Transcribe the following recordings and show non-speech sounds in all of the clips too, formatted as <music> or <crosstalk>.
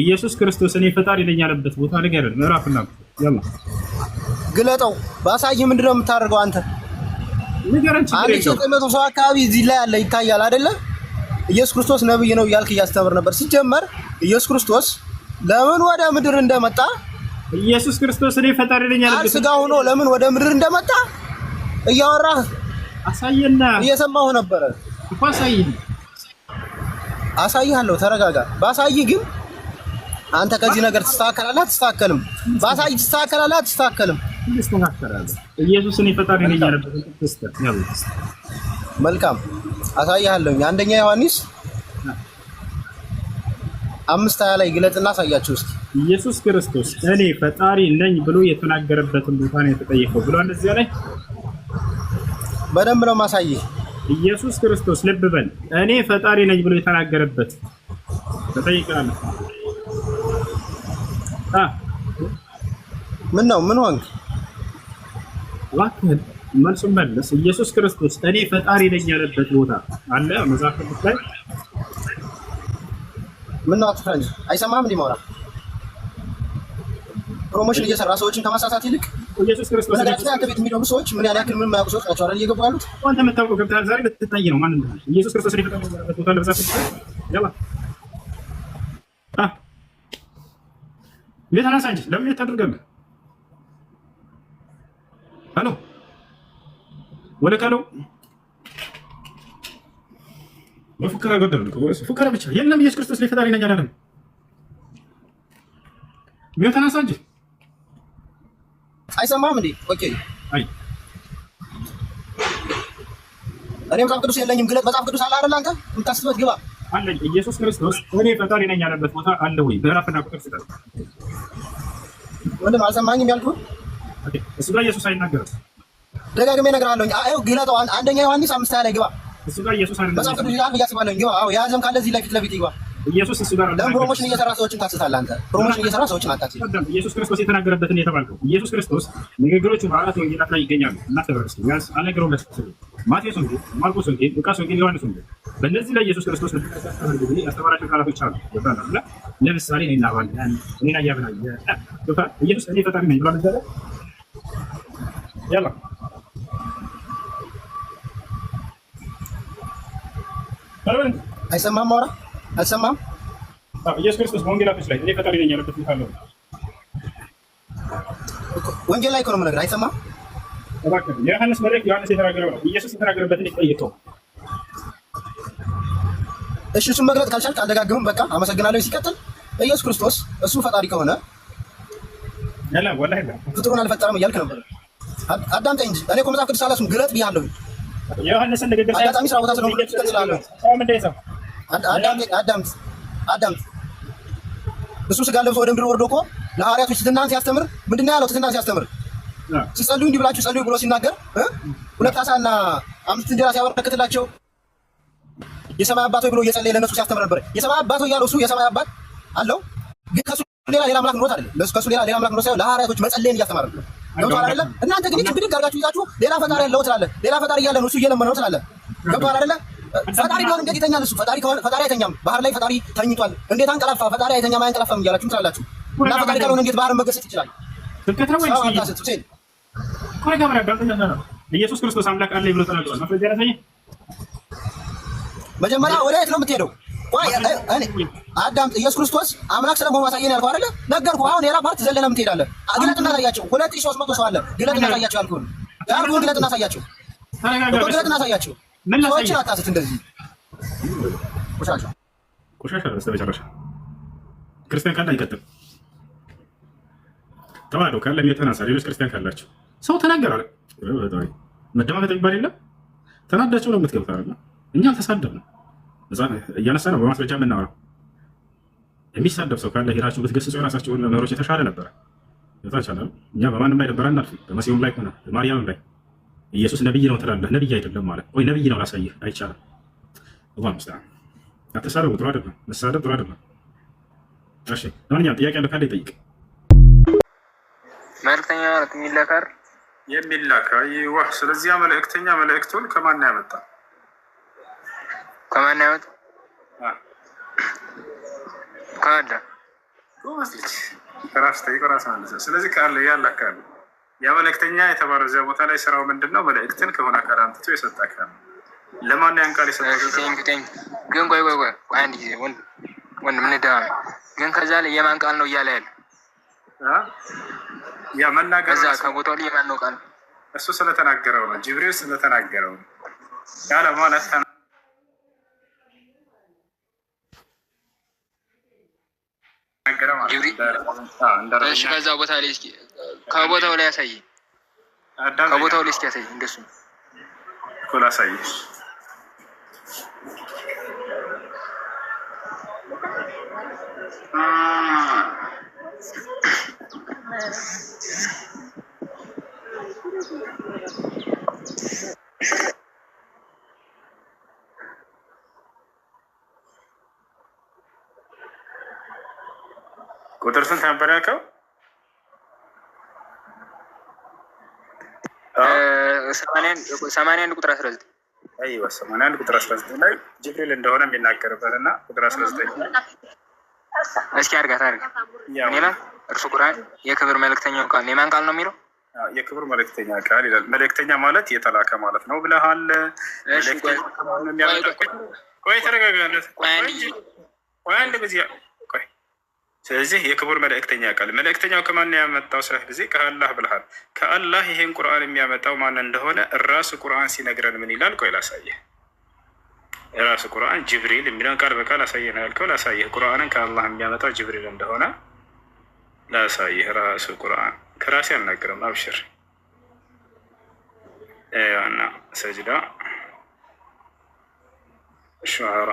ኢየሱስ ክርስቶስ እኔ ፈጣሪ ነኝ ያለበት ቦታ ንገረን። ምዕራፍና ያላ ግለጠው ባሳይህ። ምንድን ነው የምታደርገው አንተ? ንገረን። አንድ ዘጠኝ መቶ ሰው አካባቢ እዚህ ላይ ያለ ይታያል አይደለ? ኢየሱስ ክርስቶስ ነብይ ነው እያልክ እያስተምር ነበር። ሲጀመር ኢየሱስ ክርስቶስ ለምን ወደ ምድር እንደመጣ ኢየሱስ ክርስቶስ እኔ ፈጣሪ ነኝ ያለበት ስጋ ሆኖ ለምን ወደ ምድር እንደመጣ እያወራህ አሳየና፣ እየሰማሁ ነበረ እኮ አሳይህ። አሳይሃለሁ፣ ተረጋጋ። ባሳይህ ግን አንተ ከዚህ ነገር ትስተካከላለህ አትስተካከልም? ባሳይ ትስተካከላለህ አትስተካከልም? ኢየሱስን ይፈጣሪ ነኝ መልካም አሳያለሁኝ። አንደኛ ዮሐንስ አምስት ሀያ ላይ ግለጥና አሳያችሁ እስኪ። ኢየሱስ ክርስቶስ እኔ ፈጣሪ ነኝ ብሎ የተናገረበትን ቦታ ነው የተጠየቀው ብሎ እንደዚያ ላይ በደንብ ነው ማሳይ ኢየሱስ ክርስቶስ ልብ በል እኔ ፈጣሪ ነኝ ብሎ የተናገረበት ተጠይቀናል። ምን ነው ምን ሆንክ? እባክህን መልሱን መለስ። ኢየሱስ ክርስቶስ እኔ ፈጣሪ ነኝ ያለበት ቦታ አለ መጽሐፍ ቅዱስ ላይ። ምን ነው አትፈረንጅ፣ አይሰማም እንዲህ ፕሮሞሽን እየሰራ ሰዎችን ከማሳሳት ይልቅ ኢየሱስ ክርስቶስ አንተ ቤት የሚኖሩ ሰዎች ምን ያክል ምን የማያውቁ ሰዎች ናቸው አይደል? እየገቡ ያሉት አንተ የምታውቀው ገብተሃል። ዛሬ ልትታይ ነው። ማን ኢየሱስ ክርስቶስ እኔ ፈጣሪ ያለበት ቦታ ለመጻፍ እንዴት አናሳ ለምን ታደርጋለህ? አሎ ወለካሎ በፉከራ ጎደል ፉከራ ብቻ የለም። ኢየሱስ ክርስቶስ ላይ ፈጣሪ ነኝ አላለም። ምን ተናሳ እንጂ አይሰማም እንዴ? ኦኬ አይ እኔ መጽሐፍ ቅዱስ የለኝም ግለጥ። መጽሐፍ ቅዱስ አለ አይደል? አንተ የምታስበት ግባ አለኝ ኢየሱስ ክርስቶስ እኔ ፈጣሪ ነኝ ያለበት ቦታ አለ ወይ? በራፍና ቁጥር ስጠት። ወንድም አልሰማኝም ያልኩህ እሱ ጋር ኢየሱስ አይናገርም። ደጋግሜ እነግርሃለሁ። አይ ግለጠው። አንደኛ ዮሐንስ አምስት ላይ ግባ። እሱ ጋር ኢየሱስ አይደለም መጽሐፍ ቅዱስ ይላል ብዬ አስባለሁ። ግባ። አዎ የያዘም ካለ እዚህ ላይ ፊት ለፊት ይግባ። ኢየሱስ እሱ ጋር ደግሞ ፕሮሞሽን እየሰራ ሰዎችን ታስታለህ አንተ። ፕሮሞሽን እየሰራ ሰዎችን አታስብ። ኢየሱስ ክርስቶስ የተናገረበትን የተባልከው ኢየሱስ ክርስቶስ ንግግሮቹ በአራት ወንጌላት ላይ ይገኛሉ። እናተበረስ ያስ አልነገረው ለሰው ማቴዎስ ወንጌል፣ ማርቆስ ወንጌል፣ ሉቃስ ወንጌል፣ ዮሐንስ ወንጌል። በእነዚህ ላይ ኢየሱስ ክርስቶስ ያስተማራቸው ቃላቶች አሉ። ለምሳሌ እኔ ኢየሱስ እኔ ፈጣሪ ነኝ ያላ አይሰማም ማውራ አልሰማም። ኢየሱስ ክርስቶስ ወንጌላቶች ላይ እኔ ፈጣሪ ነኝ ያለበት ካለው ወንጌል ላይ እኮ ነገር የምነግርህ። አይሰማም። የዮሐንስ መልእክት ዮሐንስ የተናገረው ነው። ኢየሱስ የተናገረበትን ይጠይቀው። እሺ፣ እሱን መግለጥ ካልቻልክ አልደጋግምም። በቃ አመሰግናለሁ። ሲቀጥል ኢየሱስ ክርስቶስ እሱ ፈጣሪ ከሆነ ፍጡሩን አልፈጠረም እያልክ ነበር። አዳምጠኝ እንጂ እኔ እኮ መጽሐፍ ቅዱስ አላስም ግለጥ ብያለሁ። የዮሐንስን ንግግር አጋጣሚ ስራ ቦታ ስለሆነ ስላለሁ አዳምጥ አዳምጥ። እሱ ስጋ ለብሶ ወደ ምድር ወርዶ እኮ ለሐዋርያቶች ትሕትናን ሲያስተምር ምንድን ነው ያለው? ትሕትናን ሲያስተምር ሲጸልዩ እንዲህ ብላችሁ ጸልዩ ብሎ ሲናገር ሁለት አሳና አምስት እንጀራ ሲያበረክትላቸው የሰማይ አባት ብሎ እየጸለየ ለነሱ ሲያስተምር ነበር። የሰማይ አባት ያለው እሱ የሰማይ አባት አለው፣ ግን ከሱ ሌላ ሌላ አምላክ ኑሮት አይደለም። ከሱ ሌላ ሌላ አምላክ ኑሮት ሳይሆን ለሐዋርያቶች መጸለይን እያስተማረ ነው። ገብቶሃል አይደለም? እናንተ ግን ብድግ አድርጋችሁ ይዛችሁ ሌላ ፈጣሪ ያለው ትላለህ። ሌላ ፈጣሪ እያለ ነው እሱ እየለመነ ትላለህ። ገብቶሃል አይደለም? ፈጣሪ ከሆነ እንዴት ይተኛል እሱ? ፈጣሪ ከሆነ ፈጣሪ አይተኛም። ባህር ላይ ፈጣሪ ተኝቷል። እንዴት አንቀላፋ? ፈጣሪ አይተኛም አያንቀላፋም እያላችሁ ትላላችሁ። እና ፈጣሪ ካልሆነ እንዴት ባህርን መገሰጽ ይችላል? ነው ነው ወይስ ታስተ ቆይ ጋር ኢየሱስ ክርስቶስ አምላክ አለ ብሎ ተናግሯል። ማስረጃ ያሳየኝ። መጀመሪያ ወደ የት ነው የምትሄደው? ቆይ አዳም ኢየሱስ ክርስቶስ አምላክ ስለመሆኑ አሳየን ያልከው አይደለ? ነገርኩህ። አሁን ሌላ ፓርት ዘለህ ለምን ትሄዳለህ? ግለጥ እናሳያቸው። ሁለት ሺህ ሦስት መቶ ሰው አለ። ግለጥ እናሳያቸው ያልኩህን ያልኩህን ግለጥ እናሳያቸው። ግለጥ እናሳያቸው ምን ላሳየህ? ቆሻሻ ቆሻሻ በስተመጨረሻ ክርስቲያን ካለ አይቀጥም። ተዋህዶ ካለ ቤትህን አንሳ። ሌሎች ክርስቲያን ካላቸው ሰው ተናገር አለ። መደማመጥ የሚባል የለም። ተናዳቸው ነው የምትገብት አለ። እኛ አልተሳደብ ነው እያነሳ ነው በማስረጃ የምናወራው። የሚሳደብ ሰው ካለ ሄዳችሁ ብትገስጹ የራሳችሁን መምህሮች የተሻለ ነበረ። እኛ በማንም ላይ ደበረ እናልፍ በመሲሁም ላይ ሆነ በማርያምም ላይ ኢየሱስ ነቢይ ነው ትላለህ፣ ነቢይ አይደለም ማለት ወይ ነቢይ ነው ላሳይህ አይቻልም። አላህ ሙስተዓን። አተሳረው ጥሩ አይደለም፣ መሳደብ ጥሩ አይደለም። እሺ ለማንኛውም ጥያቄ ያለ ካለ ይጠይቅ። መልእክተኛ ማለት የሚላካር የሚላካ ይዋህ። ስለዚህ ያ መልእክተኛ መልእክቱን ከማን ያመጣ ከማን ያመጣ ከአለ ራስ ጠይቅ ራስ ማለሰ ስለዚህ ከአለ ያላካሉ ያ መልእክተኛ የተባለው እዚያ ቦታ ላይ ስራው ምንድን ነው? መልእክትን ከሆነ አካል አንትቶ የሰጠ አካል ለማን ያን ቃል የሰጠ ግን ቆይ ቆይ ቆይ አንድ ጊዜ ወንድም እንደማመን ግን ከዛ ላይ የማን ቃል ነው እያለ ያለ ያ መናገር ከዛ ከቦታው ላይ የማን ነው ቃል? እሱ ስለተናገረው ነው፣ ጅብሪል ስለተናገረው ያለ ማለት ከዛ ቦታ ላይ እስኪ ከቦታው ላይ ያሳይ፣ ከቦታው ላይ እስኪ ያሳይ። እንደሱ እኮ ላሳይ Thank ቁጥር ስንት ነበር ያልከው? ሰማንያ አንድ ቁጥር አስራ ዘጠኝ አይዋ ሰማንያ አንድ ቁጥር አስራ ዘጠኝ ላይ ጅብሪል እንደሆነ የሚናገርበት እና ቁጥር አስራ ዘጠኝ እስኪ አድርጋት አድርጋ ሌላ እርሱ ቁርአን የክብር መልእክተኛው ቃል የማን ቃል ነው የሚለው የክብር መልእክተኛ ቃል ይላል። መልእክተኛ ማለት የተላከ ማለት ነው ብለሃል። ቆይ ተረጋጋለት። ቆይ አንድ ጊዜ ስለዚህ የክቡር መልእክተኛ ቃል መልእክተኛው ከማን ያመጣው ስላህ ጊዜ ከአላህ ብልሃል። ከአላህ ይሄን ቁርአን የሚያመጣው ማን እንደሆነ ራሱ ቁርአን ሲነግረን ምን ይላል? ቆይ ላሳየህ። ራሱ ቁርአን ጅብሪል የሚለውን ቃል በቃል አሳየህ ነው ያልከው። ላሳየህ ቁርአንን ከአላህ የሚያመጣው ጅብሪል እንደሆነ ላሳየህ። ራሱ ቁርአን ከራሴ አልናገርም። አብሽር ዋና ሰጅዳ ሸዓራ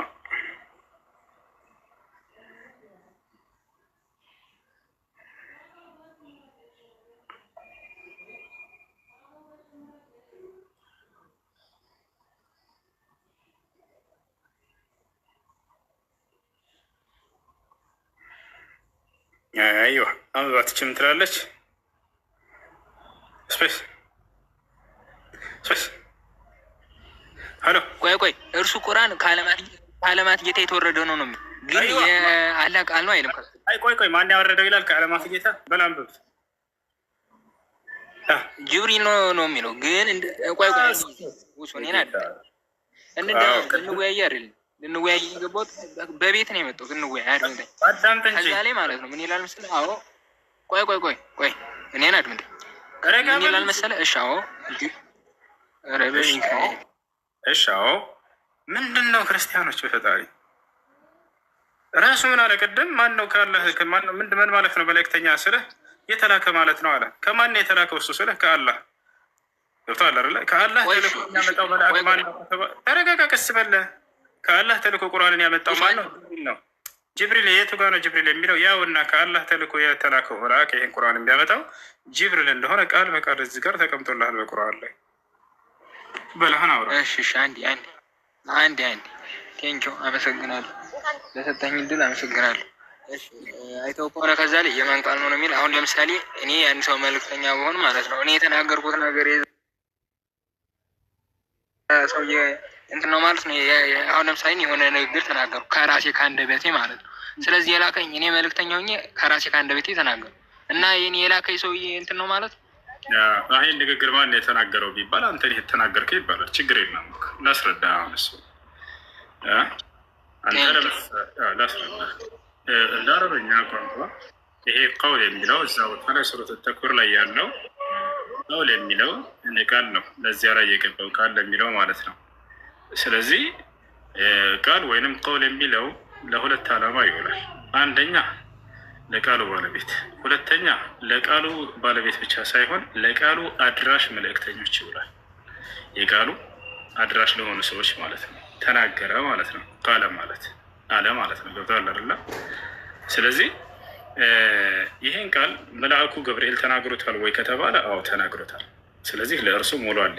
አይዋ አበባ ትችም ትላለች። ስፔስ ስፔስ ሄሎ፣ ቆይ ቆይ፣ እርሱ ቁርአን ከአለማት ጌታ የተወረደ ነው ነው ግን አላህ ቃል ነው አይልም። አይ ቆይ ቆይ፣ ማን ያወረደው ይላል? ከአለማት ጌታ በላም ብብ ጅብሪል ነው ነው የሚለው ግን ቆይ ቆይ፣ እሱን ይናዳ እንደ እንወያየ አይደለም ልንወያይ ገባት በቤት ነው የመጣሁት። እንወያይ አድምጠኝ። ከዛ ላይ ማለት ነው ምን ይላል መሰለህ? አዎ ቆይ ቆይ ቆይ ቆይ እኔን አድምጠኝ። ምን ይላል መሰለ እሺ አዎ እሺ አዎ ምንድን ነው ክርስቲያኖች በፈጣሪ ራሱ ምን አለ? ቅድም ማን ነው ካለህ ምን ማለት ነው መልእክተኛ ስለ የተላከ ማለት ነው አለ። ከማን የተላከ ውስጡ ስለ ከአላህ ገብቶሃል አይደለ? ከአላህ ተልኮ የሚያመጣው መልአክ ማን ነው? ተረጋጋ፣ ቀስ በለህ ከአላህ ተልኮ ቁርአንን ያመጣው ማን ነው። ጅብሪል የቱ ጋር ነው ጅብሪል የሚለው? ያው እና ከአላህ ተልኮ የተላከው መልአክ ይህን ቁርአን የሚያመጣው ጅብሪል እንደሆነ ቃል በቃል እዚህ ጋር ተቀምጦልሃል በቁርአን ላይ በለህን አውራ። እሺ አንድ አንድ አንድ አንድ። አንዴ። ቴንኪው አመሰግናለሁ፣ ለሰጠኝ እድል አመሰግናለሁ። አይተው ከሆነ ከዛ ላይ የማን ቃል ነው የሚል አሁን ለምሳሌ እኔ አንድ ሰው መልእክተኛ በሆን ማለት ነው እኔ የተናገርኩት ነገር ሰውዬ እንትን ነው ማለት ነው። አሁን ለምሳሌ የሆነ ንግግር ተናገሩ ከራሴ ከአንደበቴ ማለት ነው። ስለዚህ የላከኝ እኔ መልእክተኛ ሆኜ ከራሴ ከአንደበቴ ተናገሩ እና ይህን የላከኝ ሰውዬ እንትን ነው ማለት ነው። ይህን ንግግር ማን የተናገረው ቢባል አንተ የተናገርከ ይባላል። ችግር የለም ለስረዳ እሱ ላስረዳ እንደ አረበኛ ቋንቋ ይሄ ቀውል የሚለው እዛ ቦታ ላይ ሱረቱ ተክዊር ላይ ያለው ነው ለሚለው ቃል ነው ለዚያ ላይ የገባው ቃል ለሚለው ማለት ነው። ስለዚህ ቃል ወይንም ቀውል የሚለው ለሁለት ዓላማ ይውላል። አንደኛ ለቃሉ ባለቤት፣ ሁለተኛ ለቃሉ ባለቤት ብቻ ሳይሆን ለቃሉ አድራሽ መልእክተኞች ይውላል። የቃሉ አድራሽ ለሆኑ ሰዎች ማለት ነው። ተናገረ ማለት ነው። ቃለ ማለት አለ ማለት ነው። ገብቷል አይደለም? ስለዚህ ይህን ቃል መልአኩ ገብርኤል ተናግሮታል ወይ ከተባለ፣ አዎ ተናግሮታል። ስለዚህ ለእርሱ ሞሏል።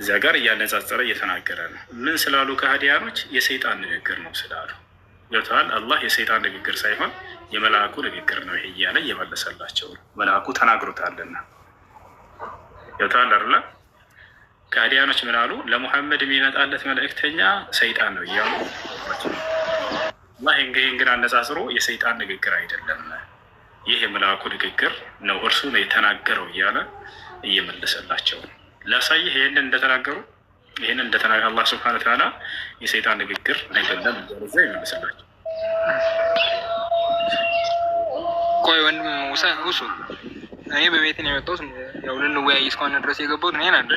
እዚያ ጋር እያነጻጸረ እየተናገረ ነው። ምን ስላሉ ከሃዲያኖች የሰይጣን ንግግር ነው ስላሉ ይወታል። አላህ የሰይጣን ንግግር ሳይሆን የመልአኩ ንግግር ነው ይሄ እያለ እየመለሰላቸው ነው። መልአኩ ተናግሮታልና ይወታል አላ ከሃዲያኖች ምን አሉ? ለሙሐመድ የሚመጣለት መልእክተኛ ሰይጣን ነው እያሉ አላህ ይህን አነጻጽሮ የሰይጣን ንግግር አይደለም፣ ይህ የመልአኩ ንግግር ነው፣ እርሱ ነው የተናገረው እያለ እየመለሰላቸው ላሳይህ፣ ይህን እንደተናገሩ ይህን እንደተናገ አላህ ስብሐነ ተዓላ የሰይጣን ንግግር አይደለም እዛ ይመለስላቸው። ቆይ ወንድም ሙሳ ሁሱ እኔ በቤት ነው የመጣሁት። ያው ልንወያይ እስከሆነ ድረስ የገባሁት እኔ ናለ።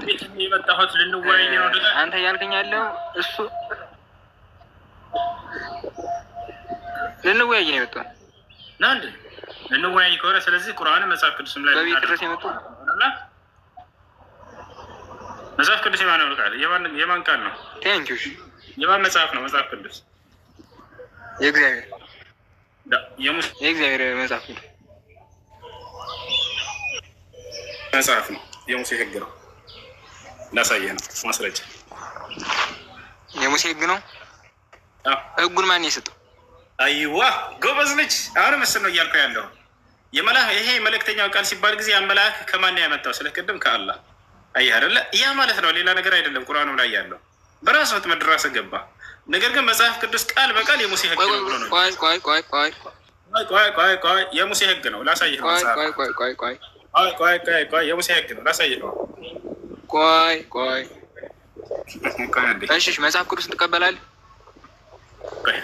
አንተ እያልከኝ ያለው እሱ ልንወያይ ነው የመጣ ና እንደ ልንወያይ ከሆነ ስለዚህ ቁርአን መጽሐፍ ቅዱስም ላይ ድረስ የመጡ መጽሐፍ ቅዱስ የማን ቃል የማን ቃል ነው? ቴንክ ዩ የማን መጽሐፍ ነው? መጽሐፍ ቅዱስ የእግዚአብሔር የእግዚአብሔር መጽሐፍ ነው። መጽሐፍ ነው። የሙሴ ህግ ነው። እንዳሳየ ነው ማስረጃ የሙሴ ህግ ነው። ህጉን ማን የሰጠው? አይዋ ጎበዝ ልጅ። አሁንም ምስል ነው እያልኩ ያለው ይሄ መልእክተኛው ቃል ሲባል ጊዜ ያ ከማን ያመጣው? ስለ ቅድም ከአላህ አይ አደለ ያ ማለት ነው። ሌላ ነገር አይደለም። ቁርአኑ ላይ ያለው በራሱ ወጥ ድረስ ገባ። ነገር ግን መጽሐፍ ቅዱስ ቃል በቃል የሙሴ ህግ ነው ብሎ ነው። ቆይ ቆይ ቆይ ቆይ ቆይ ቆይ ቆይ የሙሴ ህግ ነው ላሳይህ ነው። ቆይ ቆይ ቆይ ቆይ ቆይ ቆይ ቆይ ቆይ የሙሴ ህግ ነው ላሳይህ ነው። ቆይ ቆይ እሺ፣ መጽሐፍ ቅዱስ ትቀበላለህ?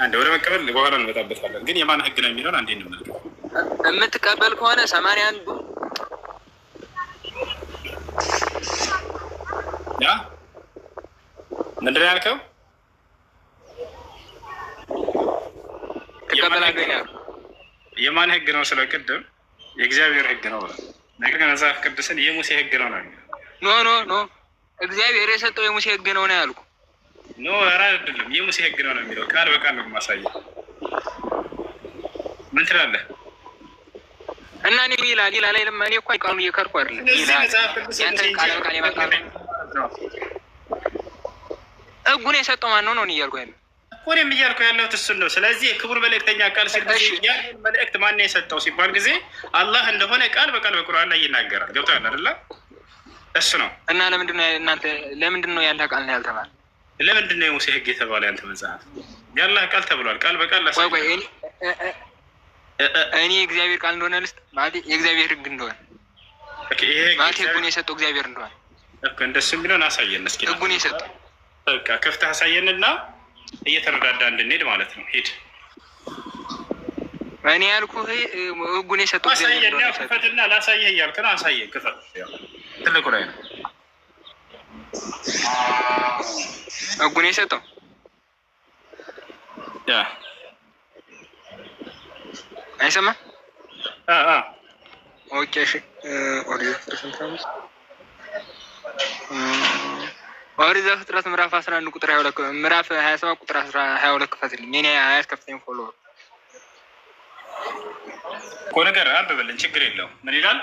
አንድ ወደ መቀበል በኋላ እንመጣበታለን። ግን የማን ህግ ነው የሚለውን አንዴ እንመልከት። የምትቀበል ከሆነ ሰማንያ አንዱ ያ ምንድን ያልከው? የማን ህግ ነው ስለ ቅድም የእግዚአብሔር ህግ ነው። ነገር ግን መጽሐፍ ቅዱስን የሙሴ ህግ ነው ነው ኖ ኖ ኖ እግዚአብሔር የሰጠው የሙሴ ህግ ነው ነው ያልኩ ኖ ኧረ አይደለም፣ የሙሴ ህግ ነው ነው የሚለው ቃል በቃል ነው የማሳየው። ምን ትላለህ? እና እኔ ይላል ይላል ላይ እኔ እኮ ቃሉ እየከርኩ አይደለም ያንተን ቃል በቃል የመጣ ህጉን የሰጠው ማን ነው ነው እያልኩ ያለ እኮም እያልኩ ያለሁት እሱን ነው። ስለዚህ ክቡር መልእክተኛ ቃል ሲል ያንን መልእክት ማን የሰጠው ሲባል ጊዜ አላህ እንደሆነ ቃል በቃል በቁርአን ላይ ይናገራል። ገብቶሃል አይደለ? እሱ ነው እና ለምንድን ነው እናንተ ለምንድን ነው ያለ ቃል ነው ያልተባለ ለምንድን ነው የሙሴ ህግ የተባለ ያንተ መጽሐፍ? ያላህ ቃል ተብሏል። ቃል በቃል እኔ የእግዚአብሔር ቃል እንደሆነ ልስጥ ማለት የእግዚአብሔር ህግ እንደሆነ ማለት ህጉን የሰጠው እግዚአብሔር እንደሆነ እንደሱ ቢሆን አሳየን እስኪ ህጉን የሰጠው በቃ ከፍተህ አሳየንና እየተረዳዳ እንድንሄድ ማለት ነው። ሂድ እኔ ያልኩ ህጉን የሰጠው ላሳየህ እያልክ ነው። አሳየን። ክፈል። ትልቁ ላይ ነው ህጉን የሰጠው አይሰማም። ኦኬ እሺ። ኦሪት ዘፍጥረት ምዕራፍ አስራ አንድ ቁጥር ምዕራፍ ሀያ ሰባት ቁጥር ሀያ ሁለት ክፈትልኝ። እኔ አያስከፍተኝ ፎሎ እኮ ነገር አንብብልን፣ ችግር የለውም። ምን ይላል?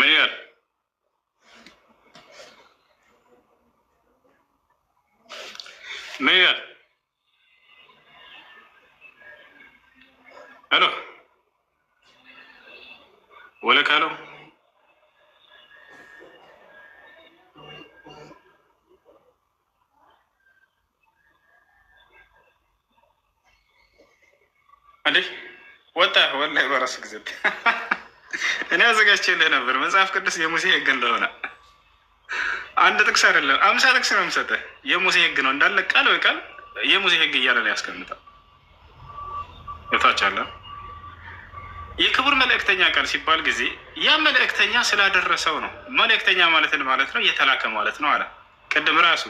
ምን ይላል? ምን ይላል? አሎ ወለክ አለው እንዴ ወጣ ወላሂ በራሱ ጊዜ እኔ አዘጋጅቼልህ ነበር መጽሐፍ ቅዱስ የሙሴ ህግ እንደሆነ አንድ ጥቅስ አይደለም፣ አምሳ ጥቅስ ነው የምሰጠህ። የሙሴ ህግ ነው እንዳለ ቃል በቃል የሙሴ ህግ እያለ ነው ያስቀምጣል። እታቻለ የክቡር መልእክተኛ ቃል ሲባል ጊዜ ያ መልእክተኛ ስላደረሰው ነው። መልእክተኛ ማለትን ማለት ነው የተላከ ማለት ነው አለ ቅድም ራሱ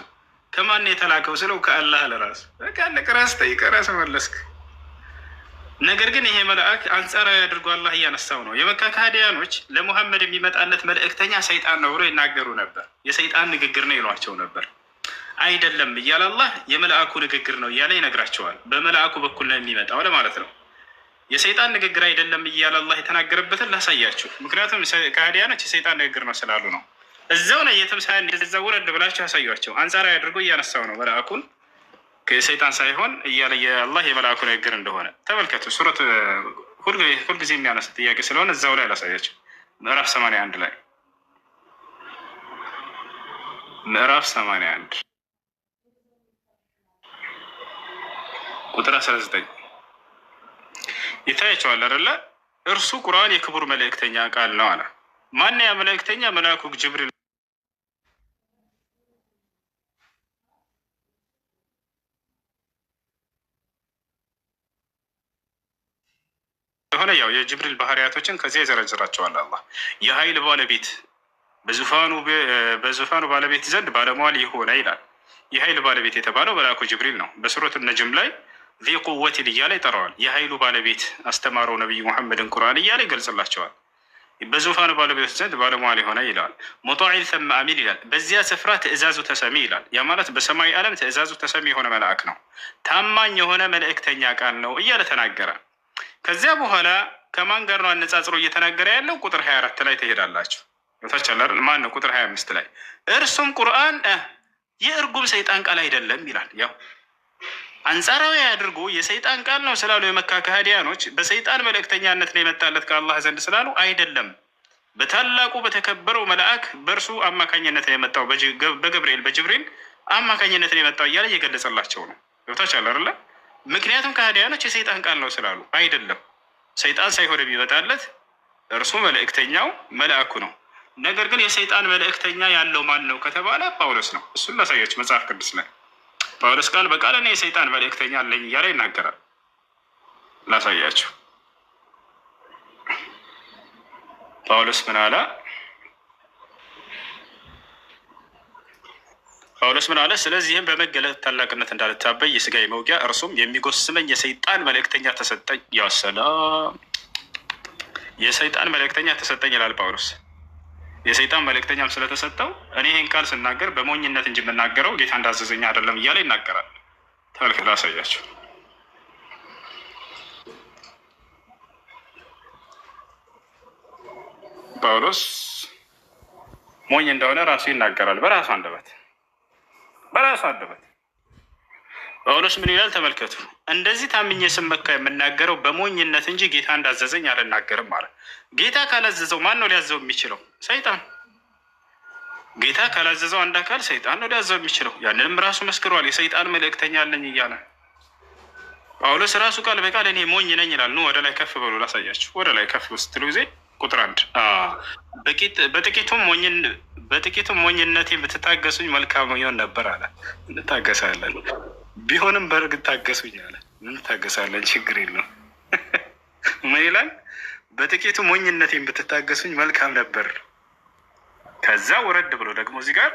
ከማን የተላከው ስለው ከአላህ ለራሱ በቃ ራስ ጠይቀ ራስ መለስክ። ነገር ግን ይሄ መልአክ አንጻራዊ አድርጎ አላህ እያነሳው ነው። የመካ ካህዲያኖች ለሙሐመድ የሚመጣለት መልእክተኛ ሰይጣን ነው ብሎ ይናገሩ ነበር። የሰይጣን ንግግር ነው ይሏቸው ነበር። አይደለም እያለ አላህ የመልአኩ ንግግር ነው እያለ ይነግራቸዋል። በመልአኩ በኩል ነው የሚመጣው ለማለት ነው። የሰይጣን ንግግር አይደለም እያለ አላህ የተናገረበትን ላሳያችሁ። ምክንያቱም ካህዲያኖች የሰይጣን ንግግር ነው ስላሉ ነው። እዛው ነው የተምሳ ወረድ ብላቸው ያሳያቸው። አንጻራዊ አድርጎ እያነሳው ነው መልአኩን ከሰይጣን ሳይሆን እያለ የአላህ የመልአኩ ንግግር እንደሆነ ተመልከቱ። ሱረት ሁልጊዜ የሚያነሳ ጥያቄ ስለሆነ እዛው ላይ አላሳያቸው። ምዕራፍ ሰማንያ አንድ ላይ ምዕራፍ ሰማንያ አንድ ቁጥር አስራ ዘጠኝ ይታያቸዋል አይደለ? እርሱ ቁርአን የክቡር መልእክተኛ ቃል ነው አለ። ማን ያ መልእክተኛ? መልአኩ ጅብሪል ከሆነ ያው የጅብሪል ባህሪያቶችን ከዚያ ይዘረዝራቸዋል። አላህ የሀይል ባለቤት በዙፋኑ ባለቤት ዘንድ ባለመዋል የሆነ ይላል። የሀይል ባለቤት የተባለው መልአኩ ጅብሪል ነው። በሱረቱ ነጅም ላይ ዚ ቁወትን እያለ ይጠራዋል። የሀይሉ ባለቤት አስተማረው ነቢይ ሙሐመድን ቁርአን እያለ ይገልጽላቸዋል። በዙፋኑ ባለቤት ዘንድ ባለመዋል የሆነ ይላል። ሙጣዒን ሰማ አሚን ይላል። በዚያ ስፍራ ትእዛዙ ተሰሚ ይላል። ያ ማለት በሰማይ ዓለም ትእዛዙ ተሰሚ የሆነ መልአክ ነው። ታማኝ የሆነ መልእክተኛ ቃል ነው እያለ ተናገረ። ከዚያ በኋላ ከማን ጋር ነው አነጻጽሮ እየተናገረ ያለው? ቁጥር ሀያ አራት ላይ ትሄዳላችሁ። ታቻላል ማን ነው? ቁጥር ሀያ አምስት ላይ እርሱም ቁርአን የእርጉም ሰይጣን ቃል አይደለም ይላል። ያው አንጻራዊ አድርጎ የሰይጣን ቃል ነው ስላሉ የመካ ከሃዲያኖች በሰይጣን መልእክተኛነት ነው የመጣለት ከአላህ ዘንድ ስላሉ አይደለም በታላቁ በተከበረው መልአክ በእርሱ አማካኝነት ነው የመጣው፣ በገብርኤል በጅብሪል አማካኝነት ነው የመጣው እያለ እየገለጸላቸው ነው። ገብታችኋል አይደለም? ምክንያቱም ከሃዲያኖች የሰይጣን ቃል ነው ስላሉ አይደለም። ሰይጣን ሳይሆን የሚመጣለት እርሱ መልእክተኛው መልአኩ ነው። ነገር ግን የሰይጣን መልእክተኛ ያለው ማን ነው ከተባለ ጳውሎስ ነው። እሱን ላሳያች መጽሐፍ ቅዱስ ላይ ጳውሎስ ቃል በቃል እኔ የሰይጣን መልእክተኛ አለኝ እያለ ይናገራል። ላሳያችሁ ጳውሎስ ምን አላ ጳውሎስ ምን አለ? ስለዚህም በመገለጥ ታላቅነት እንዳልታበይ የስጋዬ መውጊያ እርሱም የሚጎስመኝ የሰይጣን መልእክተኛ ተሰጠኝ። ያው ሰላም የሰይጣን መልእክተኛ ተሰጠኝ ይላል ጳውሎስ። የሰይጣን መልእክተኛም ስለተሰጠው እኔ ይህን ቃል ስናገር በሞኝነት እንጂ የምናገረው ጌታ እንዳዘዘኝ አይደለም እያለ ይናገራል። ተመልክ ላሳያቸው። ጳውሎስ ሞኝ እንደሆነ ራሱ ይናገራል በራሱ አንደበት በራሱ አለበት። ጳውሎስ ምን ይላል ተመልከቱ። እንደዚህ ታምኜ ስመካ የምናገረው በሞኝነት እንጂ ጌታ እንዳዘዘኝ አልናገርም አለ። ጌታ ካላዘዘው ማን ነው ሊያዘው የሚችለው? ሰይጣን። ጌታ ካላዘዘው አንድ አካል ሰይጣን ነው ሊያዘው የሚችለው። ያንንም ራሱ መስክሯል። የሰይጣን መልእክተኛ አለኝ እያለ ጳውሎስ ራሱ ቃል በቃል እኔ ሞኝ ነኝ ይላል። ኑ ወደ ላይ ከፍ በሉ ላሳያችሁ። ወደ ላይ ከፍ ስትሉ ጊዜ ቁጥር አንድ በጥቂቱም ሞኝነቴ ብትታገሱኝ መልካም ይሆን ነበር አለ። እንታገሳለን። ቢሆንም በእርግጥ ታገሱኝ አለ። እንታገሳለን፣ ችግር የለም። <laughs> ምን ይላል? በጥቂቱ ሞኝነቴን ብትታገሱኝ መልካም ነበር። ከዛ ወረድ ብሎ ደግሞ እዚህ ጋር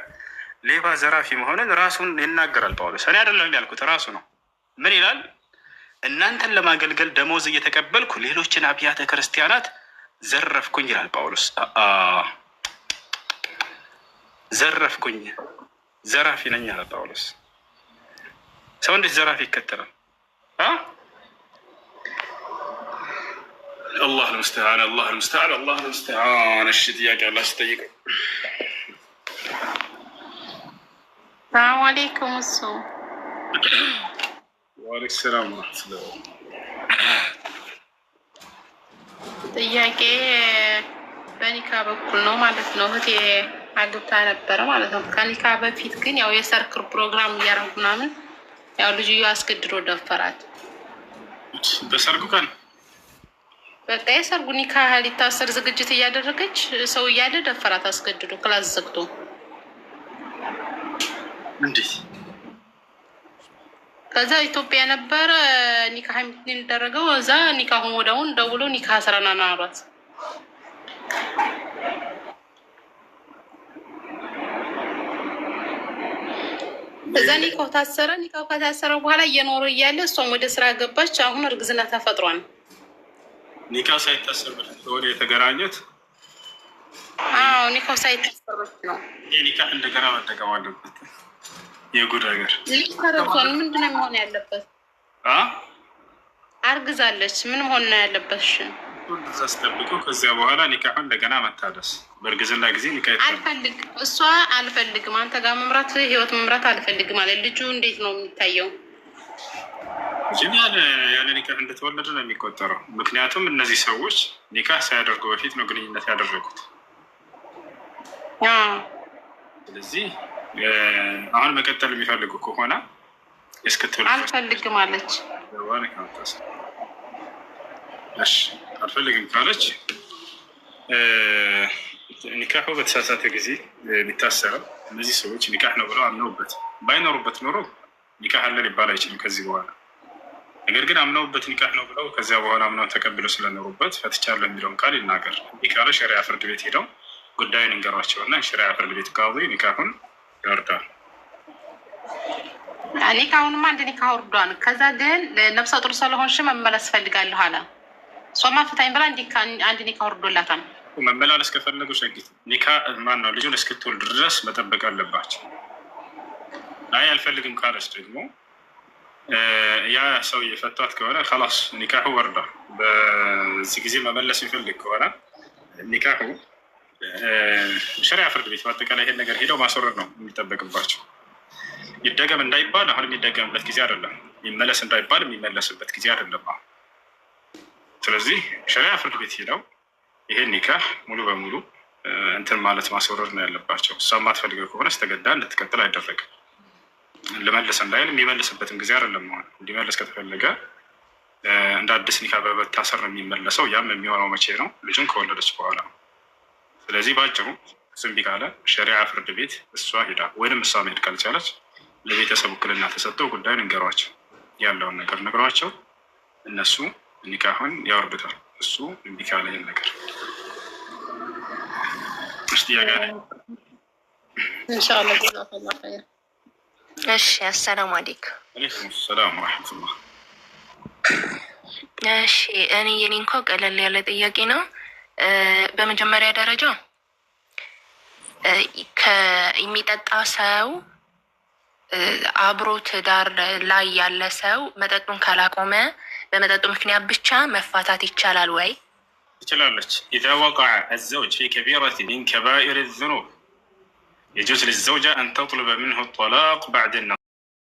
ሌባ ዘራፊ መሆንን ራሱን ይናገራል ጳውሎስ። እኔ አይደለም ያልኩት ራሱ ነው። ምን ይላል? እናንተን ለማገልገል ደሞዝ እየተቀበልኩ ሌሎችን አብያተ ክርስቲያናት ዘረፍኩኝ ይላል ጳውሎስ። ዘረፍኩኝ ዘራፊ ነኝ አለ ጳውሎስ። ሰው እንዴት ዘራፊ ይከተላል? አላህ ልምስተዓን፣ አላህ ልምስተዓን፣ አላህ ልምስተዓን። እሺ ጥያቄ አላ ስጠይቀው። ሰላሙ አሌይኩም እሱ ዋሌክ ሰላም ረመቱላ ጥያቄ በኒካ በኩል ነው ማለት ነው። እህቴ አግብታ ነበረ ማለት ነው። ከኒካ በፊት ግን ያው የሰርክር ፕሮግራም እያደረጉ ምናምን ያው ልጅዮ አስገድዶ ደፈራት። በሰርጉ ቀን በቃ የሰርጉ ኒካ ሊታሰር ዝግጅት እያደረገች ሰው እያለ ደፈራት አስገድዶ ክላስ ዘግቶ እንዴት ከዛ ኢትዮጵያ ነበረ ኒካ የሚደረገው እዛ ኒካ ሆኖ ወደውን ደውሎ ኒካ ስረናና አሏት። እዛ ኒካው ታሰረ። ኒካው ከታሰረ በኋላ እየኖረ እያለ እሷም ወደ ስራ ገባች። አሁን እርግዝና ተፈጥሯል። ኒካ ሳይታሰር ወደ የተገናኘት ኒካው ሳይታሰር ነው። ኒካ እንደገና መጠቀም አለበት። የጉድ ሀገር መሆን ያለበት? አርግዛለች። ምን መሆን ነው ያለበት? አስጠብቁ። ከዚያ በኋላ ኒካሁ እንደገና መታደስ። በእርግዝና ጊዜ ኒካ አልፈልግ እሷ አልፈልግም፣ አንተ ጋር መምራት ህይወት መምራት አልፈልግም አለ። ልጁ እንዴት ነው የሚታየው? ጅም ያለ ኒካ እንደተወለደ ነው የሚቆጠረው። ምክንያቱም እነዚህ ሰዎች ኒካህ ሳያደርጉ በፊት ነው ግንኙነት ያደረጉት። ስለዚህ አሁን መቀጠል የሚፈልጉ ከሆነ እስክትል አልፈልግም አለች። አልፈልግም ካለች ኒካሁ በተሳሳተ ጊዜ የሚታሰረው እነዚህ ሰዎች ኒካህ ነው ብለው አምነውበት ባይኖሩበት ኖሮ ኒካህ አለ ሊባል አይችልም ከዚህ በኋላ። ነገር ግን አምነውበት ኒካህ ነው ብለው ከዚያ በኋላ አምነው ተቀብለው ስለኖሩበት ፈትቻለሁ የሚለውን ቃል ይናገር። ይህ ሸሪያ ፍርድ ቤት ሄደው ጉዳዩን እንገሯቸውና ሸሪያ ፍርድ ቤት ቃ ኒካሁን እኔ ኒካሁንማ አንድ ኒካ ውርዷን ከዛ ግን ነፍሰ ጡር ስለሆንሽ መመለስ ፈልጋለሁ አለ። ሶማ ፍታኝ ብላ አንድ ኒካ ውርዶላታል። መመላለስ ከፈለጉ ሰጊት ኒካ ማን ነው ልጁን እስክትወልድ ድረስ መጠበቅ አለባቸው። አይ አልፈልግም ካለች ደግሞ ያ ሰው የፈቷት ከሆነ ከላስ ኒካሁ ወርዷል። በዚህ ጊዜ መመለስ ይፈልግ ከሆነ ኒካሁ ሸሪያ ፍርድ ቤት በአጠቃላይ ይሄን ነገር ሄደው ማስወረድ ነው የሚጠበቅባቸው። ይደገም እንዳይባል አሁን የሚደገምበት ጊዜ አይደለም፣ ይመለስ እንዳይባል የሚመለስበት ጊዜ አይደለም። ስለዚህ ሸሪያ ፍርድ ቤት ሄደው ይሄን ኒካህ ሙሉ በሙሉ እንትን ማለት ማስወረድ ነው ያለባቸው። እሷ የማትፈልገው ከሆነ ስተገዳ እንድትቀጥል አይደረግም። ልመልስ እንዳይል የሚመልስበትም ጊዜ አይደለም። ሆነ እንዲመልስ ከተፈለገ እንደ አዲስ ኒካህ በመታሰር ነው የሚመለሰው። ያም የሚሆነው መቼ ነው? ልጁን ከወለደች በኋላ ነው። ስለዚህ በአጭሩ እሱም ቢቃለ ሸሪዓ ፍርድ ቤት እሷ ሄዳ ወይንም እሷ መሄድ ካልቻለች ለቤተሰብ ውክልና ተሰጠው ጉዳይ ንገሯቸው፣ ያለውን ነገር ነግሯቸው እነሱ ኒካሁን ያወርዱታል። እሱ እምቢ ካለ ይህን ነገር እሺ። አሰላሙ አሌይኩም ሰላም ረመቱላ። እሺ እኔ የኔ እንኳ ቀለል ያለ ጥያቄ ነው። በመጀመሪያ ደረጃ የሚጠጣ ሰው አብሮ ትዳር ላይ ያለ ሰው መጠጡን ካላቆመ በመጠጡ ምክንያት ብቻ መፋታት ይቻላል ወይ? ትችላለች። ኢዛ ወቀዐ አዘውጅ ፊ ከቢረት ሚን ከባኢር ዙኑብ የጁዝ ልዘውጃ አንተጥልበ ምንሁ ጠላቅ ባዕድ